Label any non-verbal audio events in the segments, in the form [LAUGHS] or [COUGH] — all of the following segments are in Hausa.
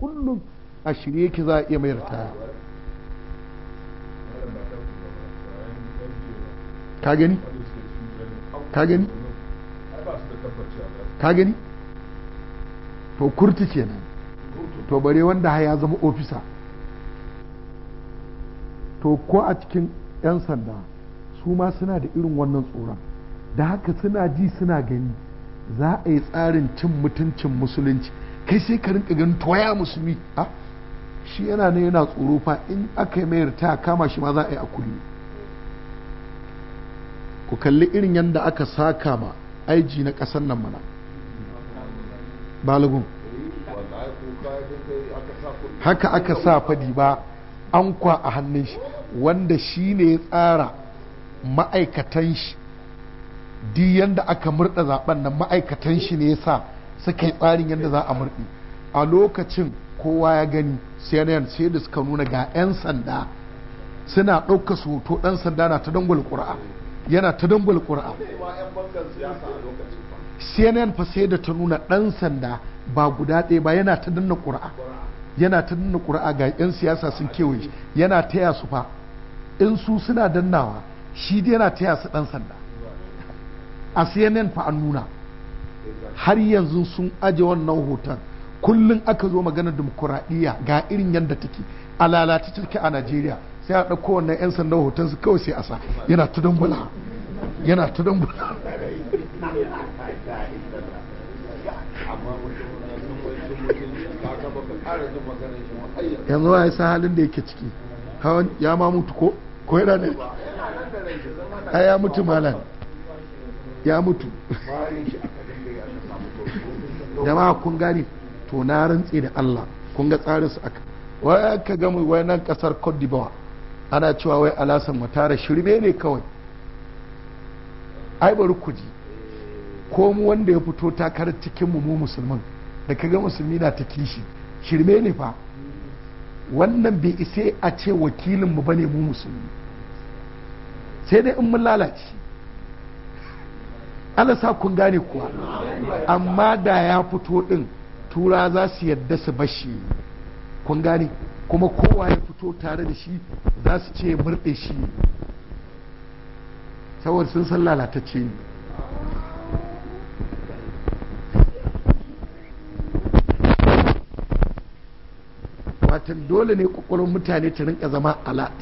kullum a shirye ki za a iya mai ta ka gani ka gani to kurti kenan to bare wanda ya zama ofisa to ko a cikin 'yan sanda su ma suna da irin wannan tsoron da haka suna ji suna gani za a yi tsarin cin mutuncin musulunci kai sai ka rinka ganin toya musulmi a shi yana ne yana tsoro fa in aka yi mayar ta kama shi ma za a yi a kulle ku kalli irin yadda aka saka ma aiji na ƙasar nan mana balagun haka aka sa fadi ba an kwa a hannun shi wanda shi ne ya tsara ma'aikatan shi di yadda aka murda zaben nan ma'aikatan shi ne ya sa suka yi tsarin yadda za a murɗi a lokacin kowa ya gani cnn sai da suka nuna ga 'yan sanda suna ɗauka hoto ɗan sanda na ta dangwal ƙura'a yana ta dangwal ƙura'a cnn fa sai da ta nuna ɗan sanda ba guda ɗaya ba yana ta danna ƙura'a yana ta danna ƙura'a ga 'yan siyasa sun kewaye shi yana taya su fa in su suna dannawa shi dai yana taya su ɗan sanda a cnn fa an nuna har yanzu sun aje wannan hoton kullum aka zo magana dimokuraɗiyya ga irin yadda take a lalata take a najeriya sai a ɗauko wannan 'yan sandan hoton su kawai sai a sa yana ta dambula yana ta dambula yanzu ya sa halin da yake ciki ya ma mutu ko ko yana ne ya mutu malam ya mutu da ma kun gane to na rantse da Allah kun ga tsarin su aka wai aka ga mu wai nan kasar Cote d'Ivoire ana cewa wai alasan matara shirme ne kawai ai bari ku ko mu wanda ya fito takarar cikin mu mu musulman da kaga musulmi na ta kishi shirme ne fa wannan bai isa a ce wakilin mu bane mu musulmi sai dai in mun lalace sa kun gane kuwa amma da ya fito din tura za su yadda su bashi kun gane kuma kowa ya fito tare da shi za su ce murɗe shi saboda sun san lalatacce ne watan dole ne kwakwalon mutane ta rinka zama alat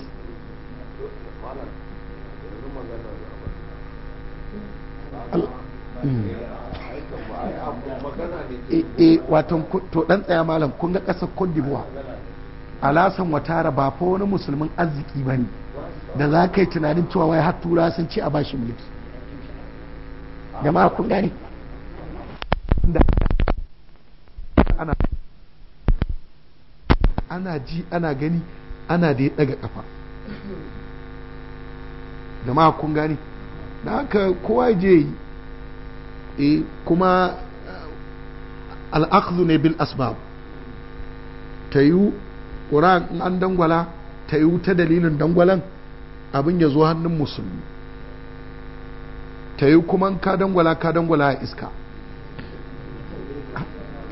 e to dan tsaya malam kun ga ƙasar Cote d'Ivoire alasan watara ba fa wani musulmin arziki ba ne da za ka yi tunanin cewa wai har tura sun ce a bashi mulki jama'a kun gane da ana ana ji ana gani ana da ya daga kafa jama'a kun gane da haka kowa je yi eh, kuma eh, al'akzu ne bil asbab ta yi ƙura'an an dangwala ta yi ta dalilin dangwalan abin ya zo hannun musulmi ta yi kuma ka dangwala ka dangwala a iska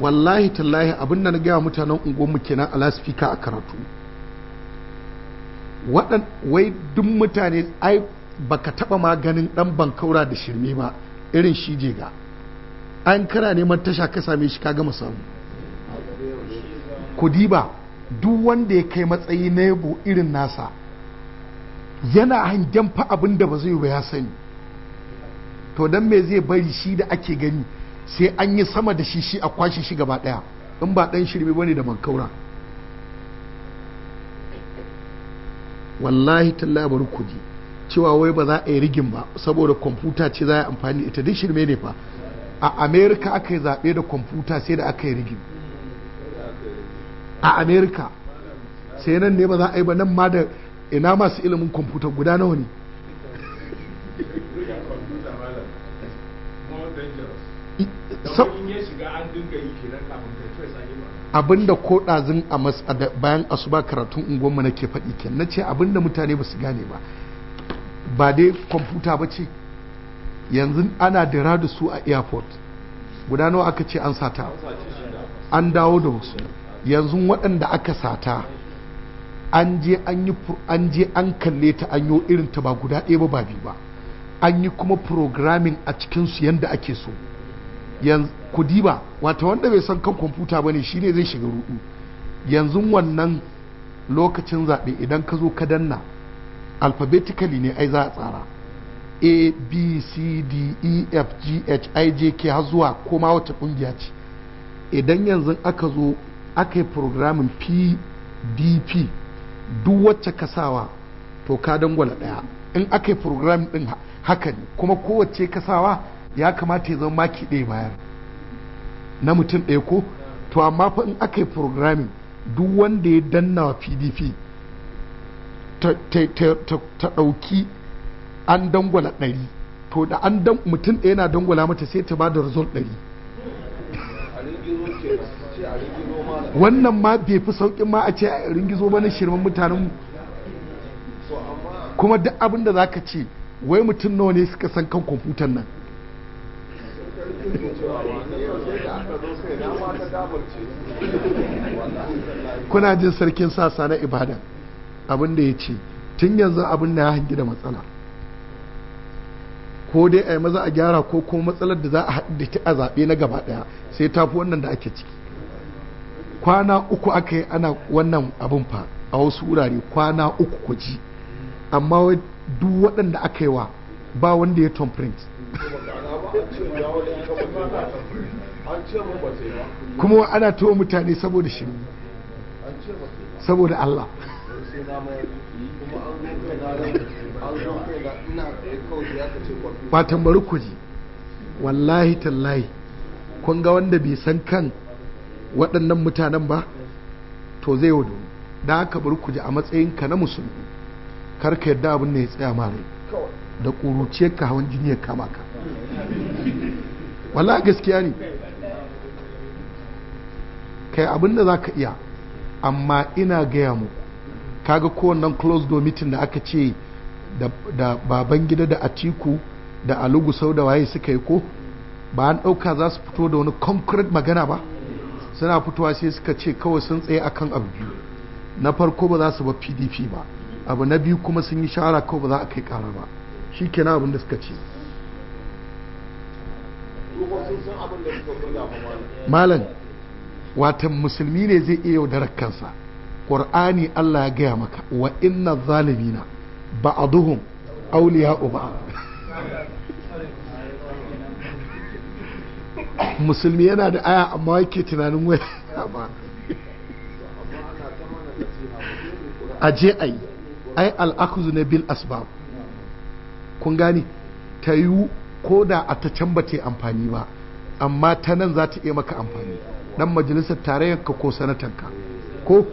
wallahi tallahi abin da na gaya mutanen unguwar kenan a lasifika a karatu wai duk mutane ai baka taba maganin ɗan bankaura da shirme ba irin shi je ga an kana neman tasha ka same shi ka gama samu kudi ba duk wanda ya kai matsayi na yabo irin nasa yana hangen fa abin da ba zai ba ya sani to dan me zai bari shi da ake gani sai an yi sama da shi shi a kwashe shi gaba daya in ba dan shirme bane da bankaura wallahi tallabar kudi cewa wai ba za a yi rigin ba saboda kwamfuta ce za a amfani ita duk shirme ne fa a amerika aka yi zaɓe da kwamfuta sai da aka yi rigin a amerika sai nan ne ba za a yi ba nan ma da ina masu ilimin kwamfuta guda nawa ne abinda ko ɗazin a bayan asuba karatun unguwanmu ke faɗi ken na ce abinda mutane ba su gane ba ba dai kwamfuta ba ce yanzu ana da da su a airport guda nawa aka ce an sata an dawo da wasu yanzu waɗanda aka sata an je an yi an je an kalle ta an yi irin ta ba guda ɗaya ba ba biyu ba an yi kuma programming a cikinsu yadda ake so yanzu ku diba wata wanda bai san kan kwamfuta ba shine zai shiga rudu yanzu wannan lokacin zaɓe idan ka zo ka danna alphabetically ne ai za a tsara a b c d e f g h i j k har zuwa koma wacce kungiya ce idan yanzu aka zo aka yi programin P duk wacce kasawa to ka dangwala daya in aka yi programin din haka ne kuma kowace kasawa ya kamata ya zama maki ɗaya bayan na mutum ɗaya ko to amma fa in aka yi programin duk wanda ya danna wa pdp ta ɗauki an dangwala ɗari to da an dan mutum ɗaya na dangwala mata sai ta ba da result ɗari wannan ma bai fi sauƙin ma a ce a ringizo ba na shirman mutanen kuma duk abin da za ka ce wai mutum nawa ne suka san kan kwamfutan nan kuna jin sarkin sasa na ibadan abin da ya ce tun yanzu abin na ya hangi da matsala ko dai a yi maza a gyara ko kuma matsalar da za a haɗu da ta a zaɓe na gaba ɗaya sai ta fi wannan da ake ciki kwana uku aka yi ana wannan abin fa a wasu wurare kwana uku ku ji amma duk waɗanda aka yi wa ba wanda ya tom print kuma ana tuwa mutane saboda shi saboda Allah sai na mayar kuma an ba tambari ku ji wallahi tallahi kun ga wanda bai san kan waɗannan mutanen ba to zai wadu da aka bari ku ji a matsayin ka na musulmi kar ka yarda abin da ya tsaya ma da ƙuruciyar ka hawan jini ya kama ka wallahi gaskiya ne kai abin da za ka iya amma ina gaya muku kaga kowannan close door meeting da aka ce da baban gida da atiku da alugu sau da waye suka yi ko ba an ɗauka za su fito da wani concrete magana ba suna fitowa sai suka ce kawai sun tsaye akan abu biyu na farko ba za su ba pdp ba abu na biyu kuma sun yi shara kawai ba za a kai kara ba shi kenan abin da suka ce malam watan musulmi ne zai iya yaudarar kansa ƙur'ani Allah ya gaya maka wa inna zalimina ba'aduhum awliya uba. musulmi yana da aya amma yake tunanin wai ba aje ai ai al'akuzu na bil asbab kun gane ta yiwu ko da a ta can ba amfani ba amma ta nan za ta iya maka amfani dan majalisar tarayyanka ko sanatanka ko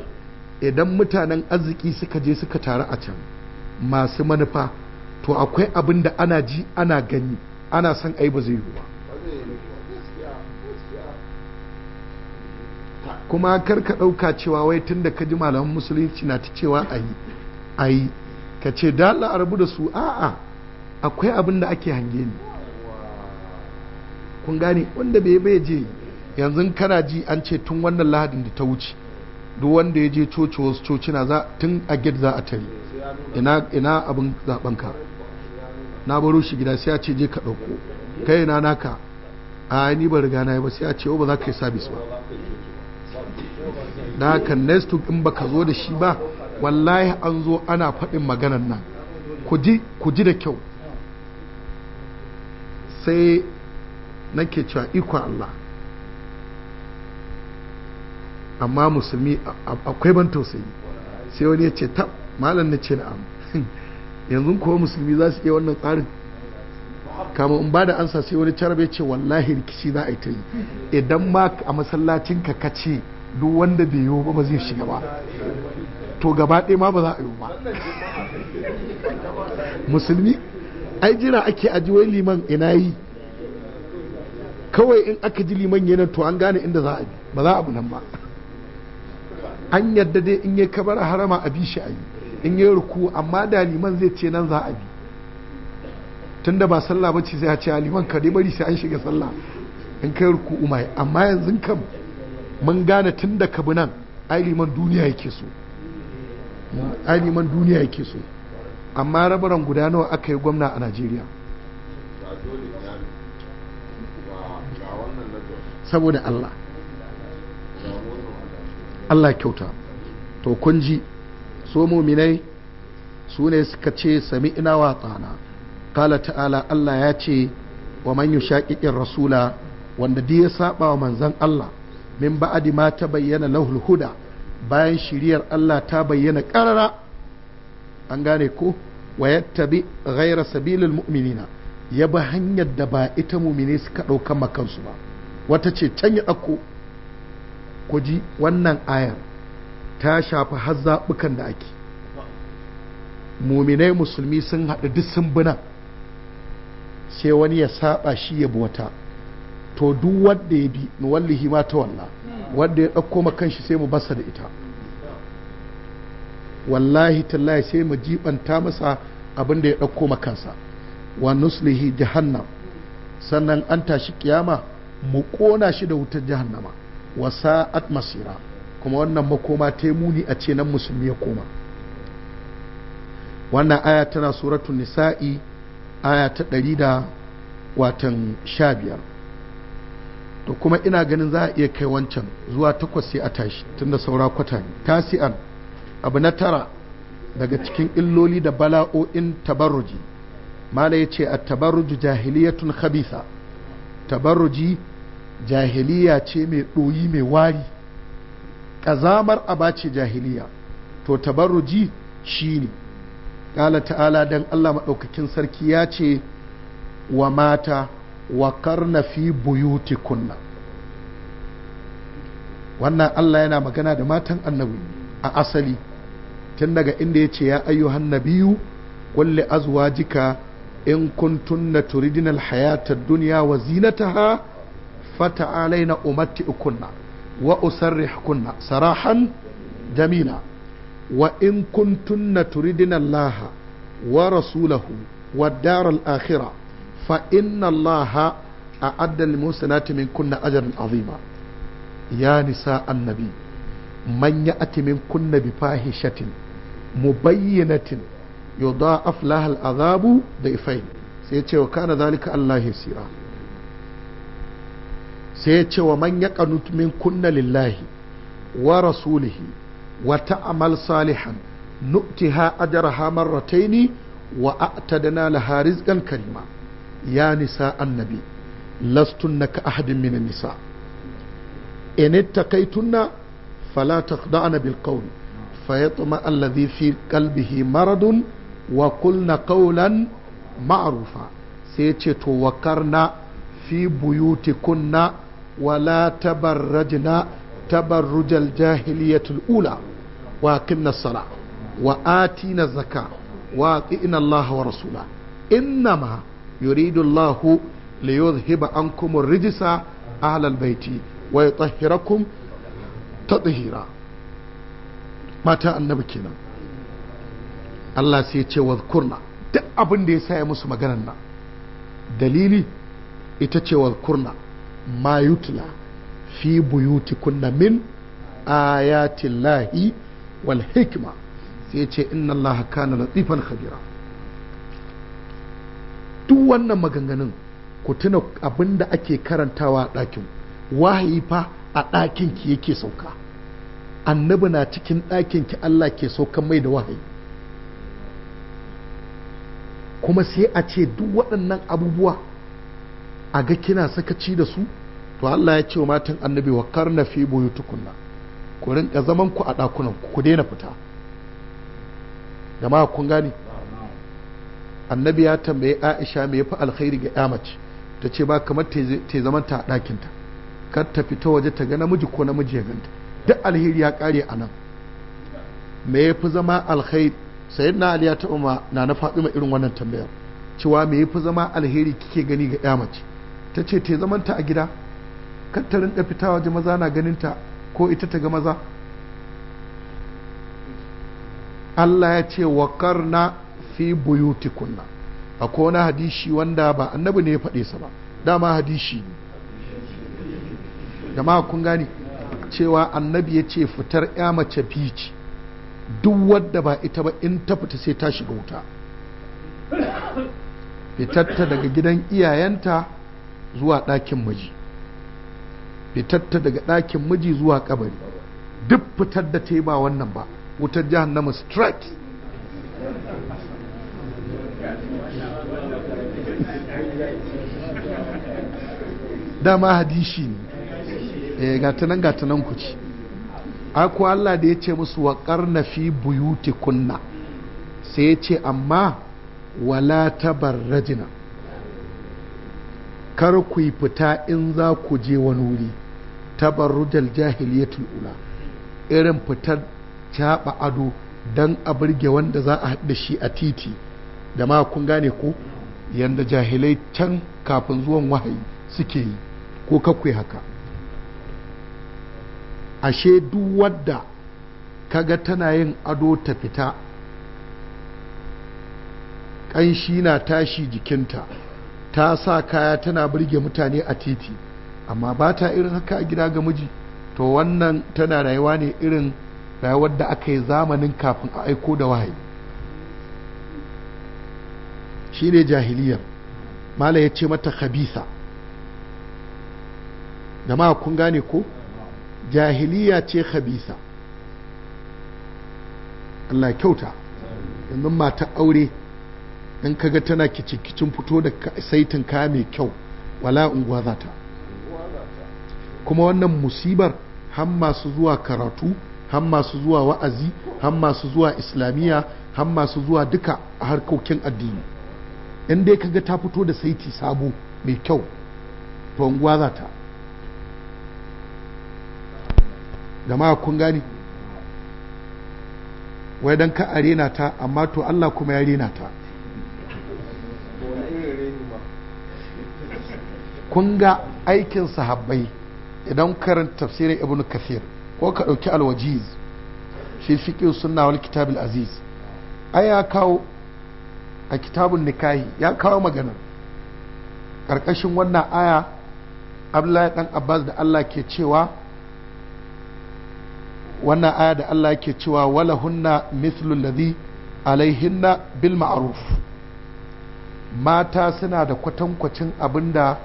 idan mutanen arziki suka je suka taru a can masu manufa to akwai abin da ana ji ana gani ana son ai ba zai yiwu ba kuma kar ka ɗauka cewa wai tun da ka ji malaman musulunci na ta cewa a yi a yi ka ce dala a rabu da su a'a akwai abin da ake hange ni kun gane wanda bai bai je yanzu kana ji an ce tun wannan lahadin da ta wuce duk wanda ya je coci wasu cocina za tun a gid za a tari ina abin zaben ka na baro shi gida sai a ce je ka ɗauko kai na naka a ni ba riga na yi ba sai a ce oh, ba za ka yi sabis ba na haka next week in baka zo da shi ba wallahi an zo ana faɗin maganan nan ku ji da kyau sai nake cewa ikon Allah amma musulmi akwai ban tausayi sai wani ya ce tab malam na ce na'am [LAUGHS] yanzu kuwa musulmi za su iya wannan tsarin kama in ba da ansa sai wani ya ce wallahi rikici za a yi ta yi idan ma a masallacin ka kace duk wanda bai yiwu ba zai shiga ba to gaba ɗaya ma ba za a yi ba [LAUGHS] musulmi ai jira ake ajiyoyin liman ina yi kawai in aka ji liman yana to an gane inda za a bi ba za a bu nan ba an yadda dai in yi kabar harama a bi shi a yi in yi ruku amma da liman zai ce nan za a bi tun da ba sallah ba ce sai ya ce a liman ka dai bari sai an shiga sallah in kai ruku umai amma yanzu kam mun gane tun da kabu nan ai liman duniya yake so ai liman duniya yake so amma rabaran guda nawa aka yi gwamna a najeriya saboda allah Allah kyauta to kun ji su muminai su ne suka ce sami ina wa tsana kala ta'ala Allah ya ce wa man yushaqiqir rasula wanda duk ya saba wa manzon Allah min ba'adi ma ta bayyana lahul huda bayan shiriyar Allah ta bayyana karara an gane ko wa yattabi ghayra sabilil mu'minina ya bi hanyar da ba ita mumine suka ɗauka makansu ba wata ce can ya ɗauko ku ji wannan ayar ta shafi har zaɓukan da ake muminai musulmi sun haɗu duk sun sai wani ya saba shi ya bota to duk wanda ya bi wallahi ma ta walla wanda ya ɗauko ma kanshi sai mu basa da ita wallahi tallahi sai mu jibanta masa abin da ya ɗauko ma kansa wa nuslihi jahannam sannan an tashi kiyama mu ƙona shi da wutar jahannama wa sa'at masira kuma wannan makoma ta yi muni a ce nan musulmi ya koma wannan aya tana suratun nisa'i aya ta ɗari da watan sha biyar to kuma ina ganin za a iya kai wancan zuwa takwas sai a tashi tunda saura kwata ne tasi'an abu na tara daga cikin illoli da bala'o'in tabarruji mala ya ce a tabarruji jahiliyatun khabisa tabarruji jahiliya ce mai ɗoyi mai wari ƙazamar aba ce jahiliya to tabarruji shi ne ƙala ta'ala don allah maɗaukakin sarki ya ce wa mata wa karna fi buyuti kunna wannan allah yana magana da matan annabi a asali tun daga inda ya ce ya ayyuhan nabiyu azuwa jika, in kuntunna turidinal hayatar duniya wa zinataha Fata fata'alaina umatti'ukunna wa usarrihkunna sarahan jamila wa in kuntunna turidina Allah wa rasulahu wa daral akhirah fa inna Allah a'adda lil muhsinati minkunna ajran azima ya nisa annabi manya man ya'ti minkunna bi fahishatin mubayyinatin yudha'af azabu al'adhabu da'ifai sai ya ce wa kana zalika Allah ya yasira sai ya ce wa man ya min kunna lillahi wa rasulihi wa ta'amal salihan nu'tiha ajraha marrataini wa a'tadna laha rizqan karima ya nisa annabi lastunna ka ahadin min nisa in ittaqaytunna fala taqda'na bil qawl fayatma alladhi fi qalbihi maradun wa qulna qawlan ma'rufa sai ce to wakarna fi buyutikunna ولا تبرجنا تبرج الجاهلية الأولى وأقمنا الصلاة وآتينا الزكاة وأطئنا الله ورسوله إنما يريد الله ليذهب عنكم الرجس أهل البيت ويطهركم تطهيرا mata annabi kenan Allah sai ya ce wa kurna duk abin da ya sa ya musu maganan nan dalili ita ce wa kurna ma yutla fi buyutikunna min ayatillahi wal hikma sai ce inna Allah kana latifan khabira duk wannan maganganun ku tuna abinda ake karantawa a ɗakin wahayi fa a ɗakin ki yake sauka annabi na cikin ɗakin ki Allah ke saukan mai da wahayi kuma sai a ce duk waɗannan abubuwa a ga kina sakaci da su to Allah ya ce wa matan annabi wa karna fi buyutukunna ku rinka zaman ku a ɗakunan ku daina fita jama'a kun gane annabi ya tambaye Aisha me yafi alkhairi ga ya mace ta ce ba kamar ta zaman ta a ɗakinta kar ta fita waje ta ga namiji ko namiji ya ganta duk alheri ya kare a nan me yafi zama alkhairi sayyidina Ali ya taɓa na na Fatima irin wannan tambayar cewa me yafi zama alheri kike gani ga ya mace ta ce te zamanta a gida kar ta fita waje maza na ganinta ko ita ta ga maza Allah ya ce wa karna fi buyutikunna A kona hadishi wanda ba annabi ne ya faɗe sa ba dama hadishi ne jama'a kun gani cewa annabi ya ce fitar ya mace fici duk wadda ba ita ba in ta fita sai ta shiga wuta fitarta daga gidan iyayenta zuwa ɗakin miji fitarta daga ɗakin miji zuwa kabari duk fitar da ta yi ba wannan ba wutar jahannama strike dama hadishi ne eh, gatanan gatanan ku ci aku Allah da ya ce musu waƙar na fi buyuti kunna sai ya ce amma wala tabarrajina kar ku yi fita in za ku je wani wuri tabarrujal jahiliyatul ula irin fitar caɓa ado don a birge wanda za a haɗe shi a titi da ma kun gane ko Yadda jahilai can kafin zuwan wahayi suke yi ko kakwai haka ashe duk wadda kaga tana yin ado ta fita ƙanshi na tashi jikinta ta sa kaya tana burge mutane a titi amma ba ta irin haka a gida ga miji to wannan tana rayuwa ne irin rayuwar da aka yi zamanin kafin a aiko da wahayi shi ne jahiliyar mala ya ce mata khabisa da ma kun gane ko jahiliya ce khabisa Allah kyauta yanzu mata aure in kaga tana kicin fito da saitin kaya mai kyau wala unguwa za ta kuma wannan musibar har masu zuwa karatu har masu zuwa wa'azi han masu zuwa islamiyya har masu zuwa duka a harkokin addini in dai kaga ta fito da saiti sabo mai kyau to unguwa za ta jama'a kun gani wai dan ka a rena ta amma to Allah kuma ya rena ta kun ga aikin sahabbai idan karanta tafsirin ibn kathir ko ka ɗauki alwajiz shi fiƙi sunna wal kitabul aziz ai ya kawo a kitabun nikahi ya kawo magana. ƙarƙashin wannan aya abdullahi dan abbas da allah ke cewa wannan aya da allah ke cewa wala hunna ladhi alaihinna bil ma'ruf mata suna da kwatankwacin abinda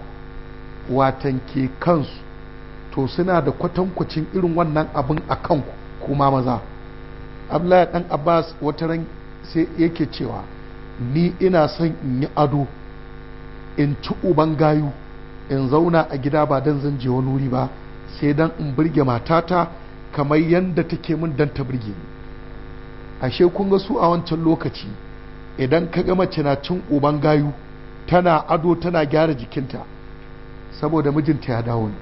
watan ke kansu to suna da kwatankwacin irin wannan abin a kanku kuma maza abdullahi dan abbas wata ran sai yake cewa ni ina son in yi ado in ci uban gayu in zauna a gida ba don zan je wani wuri ba sai dan in burge matata kamar yadda take min dan ta burge ni ashe kun ga su a wancan lokaci idan ka ga mace na cin uban gayu tana ado tana gyara jikinta saboda mijinta ya dawo ne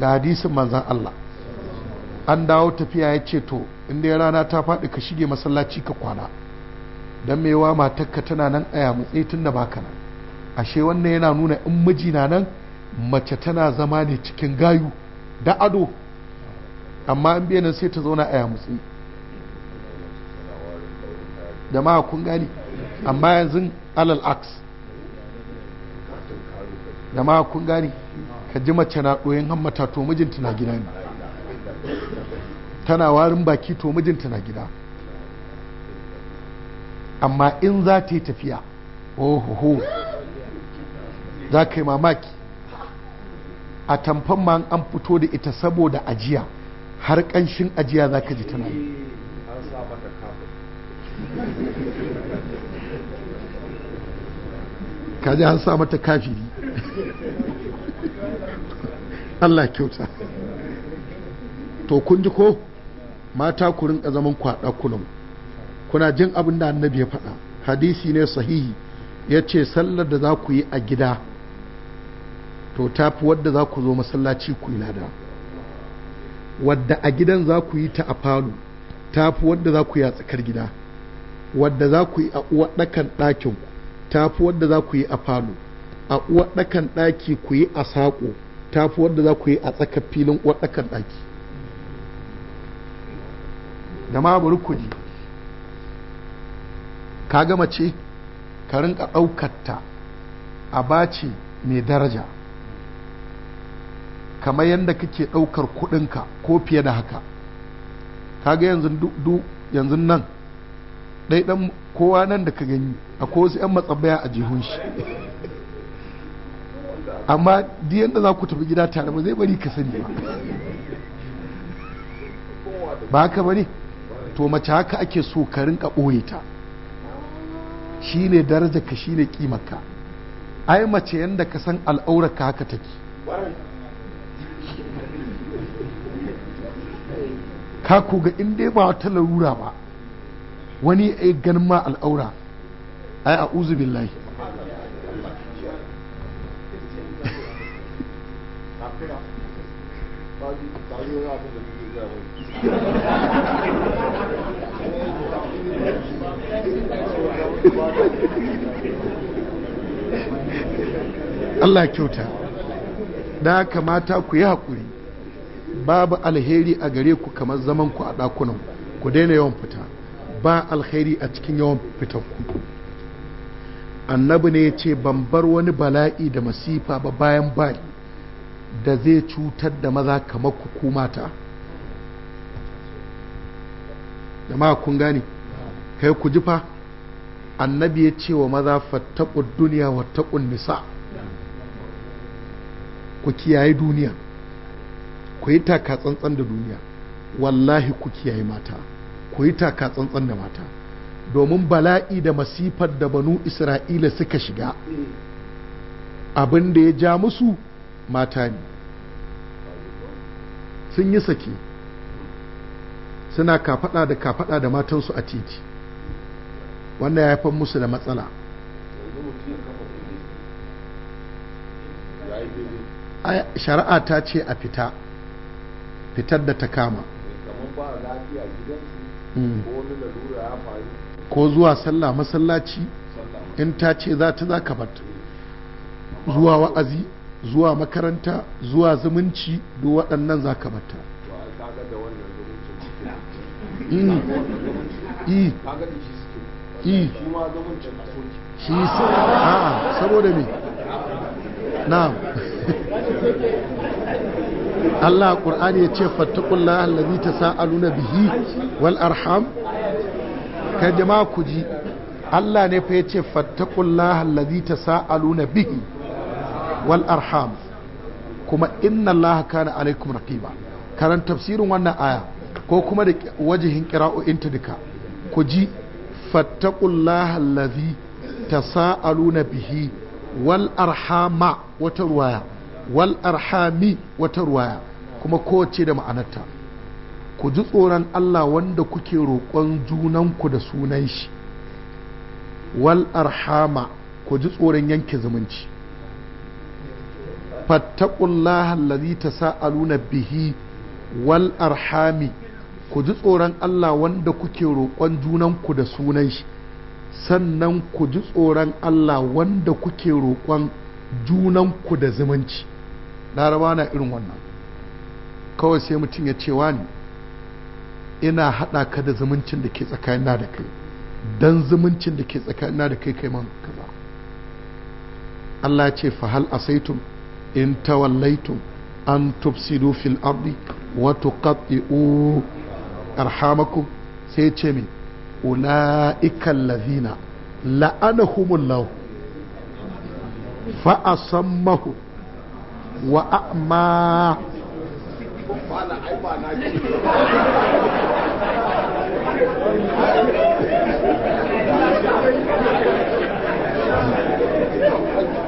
da hadisin manzan Allah an dawo tafiya ya ce to inda rana ta faɗi ka shige masallaci ka kwana don mewa matakka tana nan a yamutse tun da baka nan ashe wannan yana nuna in mijina nan mace tana zama ne cikin gayu da ado amma in biyanin sai ta zauna a yamutse da ma kun gani amma yanzu alal aks da ma kun gani ka ji mace na ɗoyin hammata to mijinta na gida ne tana warin baki to mijinta na gida amma in za ta yi tafiya ohoho za ka yi mamaki a tamfan ma an fito da ita saboda ajiya har ƙanshin ajiya za ka ji tana yi kaji an sa mata kafiri Allah kyauta to kun ji ko mata ku rinka zaman kwaɗa kunan kuna jin abin da annabi ya faɗa hadisi ne sahihi ya ce sallar da za ku yi a gida to tafi wadda za ku zo masallaci ku yi lada wadda a gidan za ku yi ta a falo tafi wadda za ku yi a tsakar gida wadda za ku yi a uwarɗakar ɗakinku tafi wadda za ku yi a falo a uwaɗakan ɗaki ku yi a saƙo tafi wadda za ku yi a tsakar filin uwaɗakan ɗaki da ma bari ku ka gama ce ka rinka ɗaukarta a baci mai daraja kamar yadda kake ɗaukar kuɗinka ko fiye da haka ga yanzu du yanzu nan ɗaiɗan kowa nan da ka gani akwai wasu 'yan matsabaya a jihun shi amma diyanda da za ku tafi gida tare ba zai bari ka sani ba ba ka bane to mace haka ake so ka rinka ɓoye ta shi ne daraja ka shi shine ƙimaka ai mace yadda ka san al'aurar ka haka take ka ku ga in dai ba wata larura ba wani ya ganin ma al'aura ai a uzu billahi Allah kyauta da kamata ku yi haƙuri babu alheri a gare ku kamar zaman ku a ɗakunan ku daina yawan fita ba alheri a cikin yawan fitar ku annabi ne ya ce ban bar wani bala'i da masifa ba bayan bani da zai cutar da maza kamar ku mata jama'a kun gane kai ku jifa annabi ya ce wa maza fattaƙun duniya wattaƙun nisa ku kiyaye duniya ku yi taka tsantsan da duniya wallahi ku kiyaye mata ku yi taka tsantsan da mata domin bala'i da masifar da banu isra'ila suka shiga abin da ya ja musu mata ne sun yi sake suna kafada da kafada da matansu a titi wannan ya haifar musu da matsala shari'a ta ce a fita fitar da ta kama mm. ko zuwa sallah masallaci in ta ce za ta za ka zuwa wa'azi zuwa makaranta zuwa zumunci duk waɗannan za ka bata shi a saboda me na'am Allah Qur'ani ya ce fattakullaha allazi tasaaluna bihi wal arham ka jama'a Allah ne fa yace ce allazi tasaaluna bihi wal arham kuma inna allaha kana alaikum raqiba karan tafsirin wannan aya ko kuma da wajihin qira'o'inta duka ku ji fattaqullaha allazi tasaaluna bihi wal arhama wata ruwaya wal arhami wata ruwaya kuma kowace da ma'anarta ku ji tsoron Allah wanda kuke roƙon junanku da sunan shi wal arhama ku ji tsoron yanke zumunci fattakullaha allazi tasaaluna bihi wal arhami ku ji tsoron Allah wanda kuke roƙon junan ku da sunan shi sannan ku ji tsoron Allah wanda kuke roƙon junan ku da zumunci raba na irin wannan kawai sai mutum ya cewa wani ina haɗa ka da zumuncin da ke tsakanina da kai don zumuncin da ke tsakanina da kai kai man kaza Allah ya ce hal asaitum إن توليتم أن تفسدوا في الأرض وتقطئوا أرحامكم سيتشمي أولئك الذين لأنهم الله فأصمه وأعمى Thank [LAUGHS] you.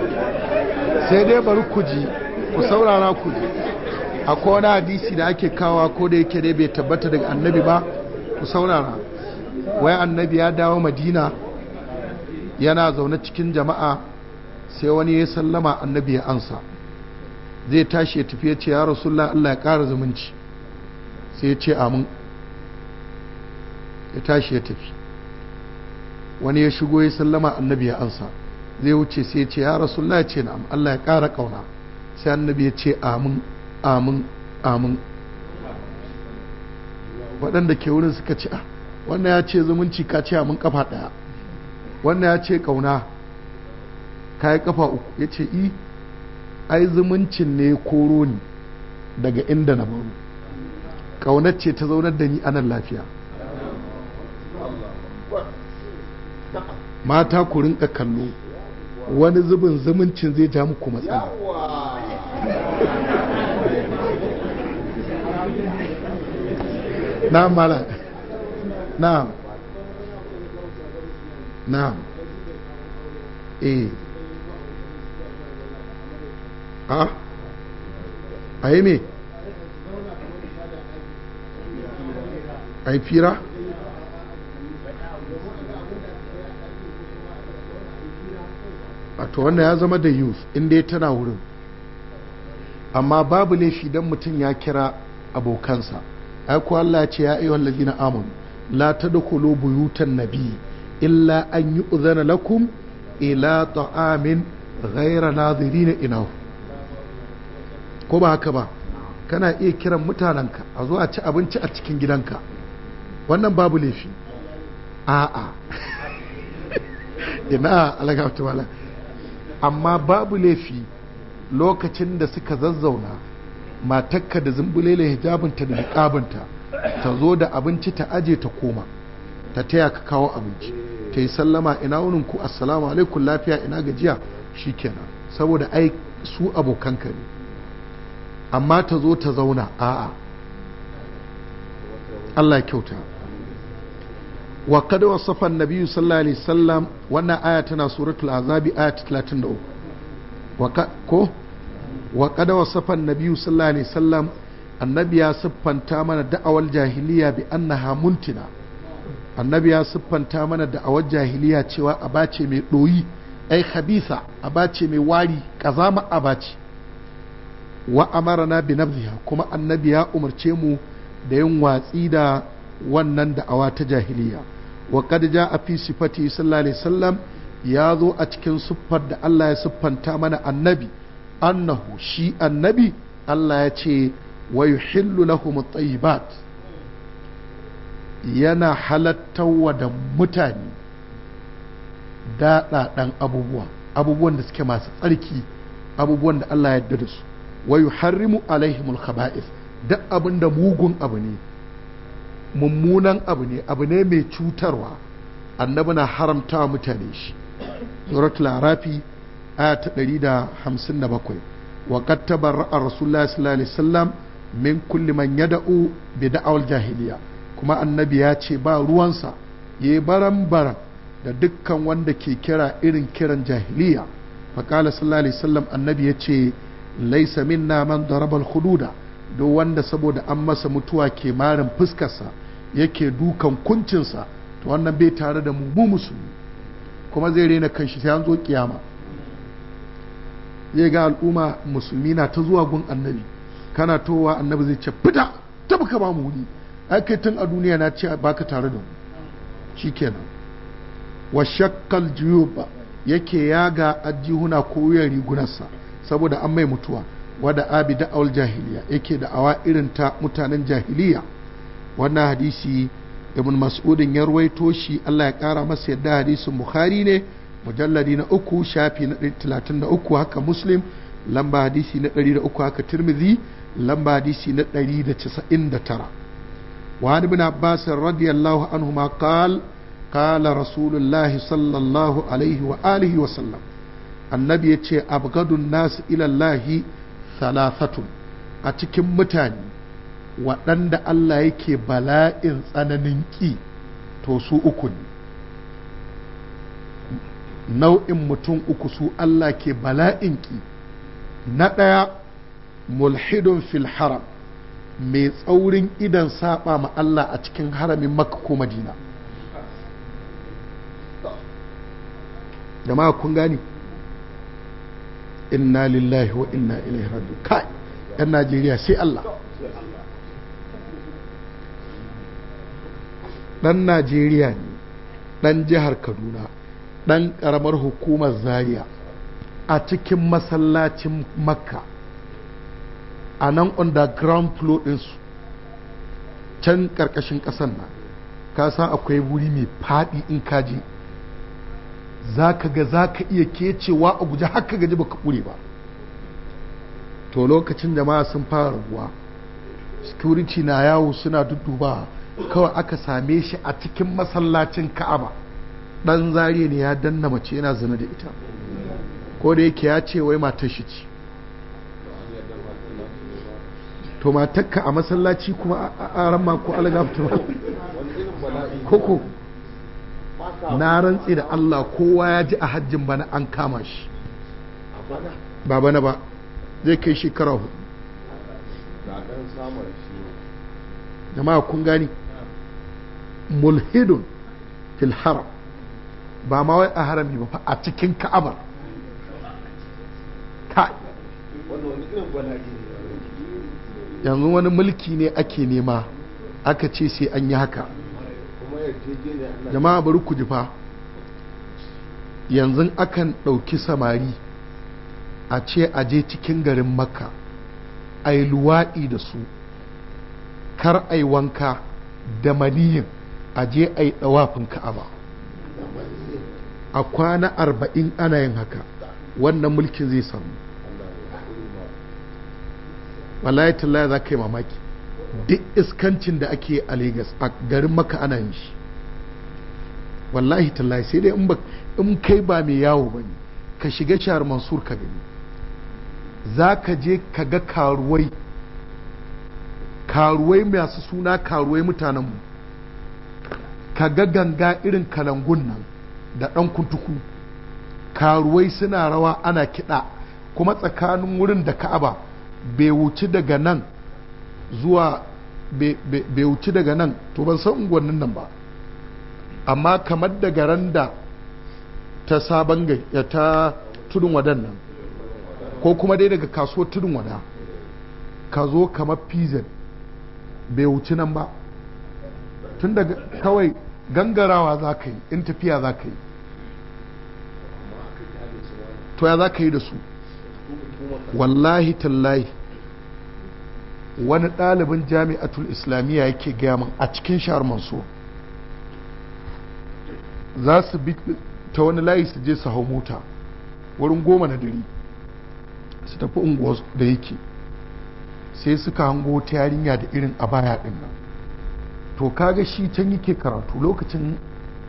sai dai bari ku ji ku saurara ku ji ko wani hadisi da ake kawa ko da yake dai bai tabbata daga annabi ba ku saurara wai annabi ya dawo madina yana zaune cikin jama'a sai wani ya sallama annabi ya ansa zai tashi ya tafi ya ce ya rasulullah Allah ya ƙara zumunci sai ya ce amin ya tashi ya tafi wani ya shigo ya sallama annabi ya ansa zai wuce sai ya ce ya rasulullah ya ce na'am Allah ya ƙara ƙauna sai annabi ya ce amin amin amin waɗanda ke wurin suka ci. a ah, wannan ya ce zumunci ka ce amin kafa ɗaya wannan ya ce ƙauna ka yi kafa uku ya ce i ai zumuncin ne koro ni daga inda na baro ƙaunar ce ta zaunar da ni anan lafiya mata ku rinka kallo wani zubin zumuncin zai ja muku matsala na'am mala na'am na'am eh a a yi me a yi fira wato wannan ya zama da youth inda ya tana wurin amma babu laifi don mutum ya kira abokansa aiko Allah ce ya ayyuhal na amun la tadkhulu buyutan nabi illa an yu'zana lakum ila ta'amin ghayra nadirina inahu ko ba haka ba kana iya kiran mutanenka a zo a ci abinci a cikin gidanka wannan babu laifi a'a [LAUGHS] ina wata wala amma babu laifi lokacin da suka zazzauna matakka da zumbulele hijabinta da niqabinta ta zo da abinci ta aje ta koma ta taya ka kawo abinci ta yi sallama ina wunin ku assalamu alaikum lafiya ina gajiya shikenan saboda ai su abokanka ne amma ta zo ta zauna a'a Allah kyauta wa kada wasafa nabi sallallahu alaihi wannan aya tana suratul azabi 33 ko wa kada wasafa nabi sallallahu alaihi annabi ya siffanta mana da'awar jahiliya bi annaha muntina annabi ya siffanta mana da'awar jahiliya cewa abace mai doyi ai khabisa abace mai wari kazama abace wa amarana bi kuma annabi ya umarce mu da yin watsi da wannan da'awa ta jahiliya wa qad jaa fi sifati sallallahu alaihi wasallam ya zo a cikin siffar da Allah ya siffanta mana annabi annahu shi annabi Allah ya ce wa yuhillu lahum at yana halattawa da mutane daɗaɗan abubuwa abubuwan da suke masu tsarki abubuwan da Allah ya yarda da su wa yuharrimu alaihimul khaba'is duk abin da mugun abu ne mummunan abu ne abu ne mai cutarwa annabi na haramta mutane shi suratul larafi aya ta 157 wa qad tabarra'a rasulullahi sallallahu alaihi wasallam min kulli man yad'u bi da'awal jahiliya kuma annabi ya ce ba ruwansa yayi baran baran da dukkan wanda ke kira irin kiran jahiliya faqala sallallahu alaihi wasallam annabi ya ce laysa minna man daraba al-hududa duk wanda saboda an masa mutuwa ke marin fuskarsa yake dukan kuncinsa to wannan bai tare da mu mu musulmi kuma zai rena kanshi sai an zo kiyama zai ga al'umma musulmi na ta zuwa gun annabi kana towa annabi zai ce fita tabi ka ba mu wuri ake tun a duniya na ce baka tare da mu shikenan wa shakkal yake yaga ajihuna ko rigunansa rigunarsa saboda an mai mutuwa wada abi da'awul jahiliya yake da'awa irin ta mutanen jahiliya wannan hadisi ibn mas'udin ya ruwaito shi Allah ya kara masa yadda hadisin bukhari ne mujalladi na uku shafi na 33 haka muslim lamba hadisi na 103 haka tirmidhi lamba hadisi na 199 وعن ابن عباس رضي الله عنهما قال قال رسول الله صلى الله عليه وآله وسلم النبي يتشي أبغض الناس إلى الله salasatun a cikin mutane waɗanda Allah yake bala'in tsananin ƙi to su uku ne nau'in mutum uku su Allah ke bala'in ƙi na ɗaya mulhidun fil haram mai tsaurin idan saɓa ma Allah a cikin haramin makka ko madina jama'a kun gani inna lillahi wa inna ilaihi raji'un kai yan najeriya sai allah ɗan najeriya ne ɗan jihar kaduna ɗan ƙaramar hukumar zaria a cikin masallacin makka a nan underground floor ɗinsu can ƙarƙashin ƙasan na, ka san akwai wuri mai faɗi in kaji za ka ga za ka iya kecewa a guje haka gaji baka ƙure ba to lokacin da ma sun fara raguwa security na yawo suna dudduba kawai aka same shi a cikin masallacin ka'aba ɗan zariya ne ya danna mace yana zina da ita ko da yake ya ce wai matar shi ce to matakka a masallaci kuma a ran mako algafta koko na rantsi da Allah kowa ya ji a hajjin bana an kama shi ba bana ba zai kai shekara hudu jama'a kun gani mulhidun fil haram ba ma wai a harami ba a cikin ka'abar yanzu wani mulki ne ake nema aka ce sai an yi haka jama'a bari ku jifa yanzu akan ɗauki samari a ce a je cikin garin makka a yi luwaɗi da su kar a yi wanka da maniyin a je a yi ɗawafin ka'aba a kwana arba'in ana yin haka wannan mulkin zai samu wallahi ya za ka yi mamaki duk iskancin da ake a Legas a garin maka ana yin shi wallahi tallahi sai dai in kai ba mai yawo ba ne ka shiga shahar mansur ka gani za ka je ka ga karuwai karuwai masu suna karuwai mutanenmu ka ga ganga irin kalangun nan da ɗan kuntuku karuwai suna rawa ana kiɗa kuma tsakanin wurin da ka'aba bai wuci daga nan zuwa bai wuci daga nan to ban san unguwannin nan ba amma kamar daga randa ta sabon eh, ta tudun wadan nan ko kuma dai daga kasuwar tudun wada ka zo kamar pizan bai wuci nan ba tun daga kawai gangarawa za ka yi in tafiya za ka yi to ya za ka yi da su wallahi tallahi wani ɗalibin jami'atul islamiyya yake gaya min a cikin shahar mansur za su bi ta wani layi su je su hau mota wurin goma na dare su tafi unguwa da yake sai suka hango ta yarinya da irin a baya din nan to kaga shi can yake karatu lokacin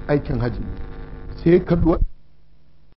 aikin hajji sai duwa